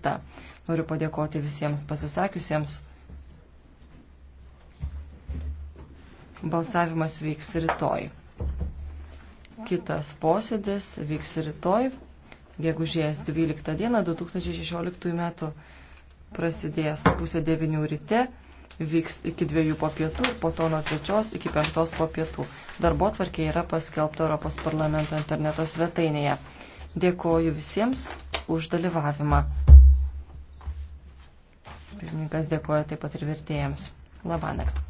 Ta. Noriu padėkoti visiems pasisakiusiems. Balsavimas vyks rytoj. Kitas posėdis vyks rytoj, gegužės 12 dieną 2016 metų prasidės pusė devinių ryte, vyks iki dviejų po pietų, po to nuo trečios iki penktos po pietų. Darbo tvarkė yra paskelbta Europos parlamento interneto svetainėje. Dėkoju visiems už dalyvavimą. Pirmininkas dėkoja taip pat ir vertėjams. Labą naktį.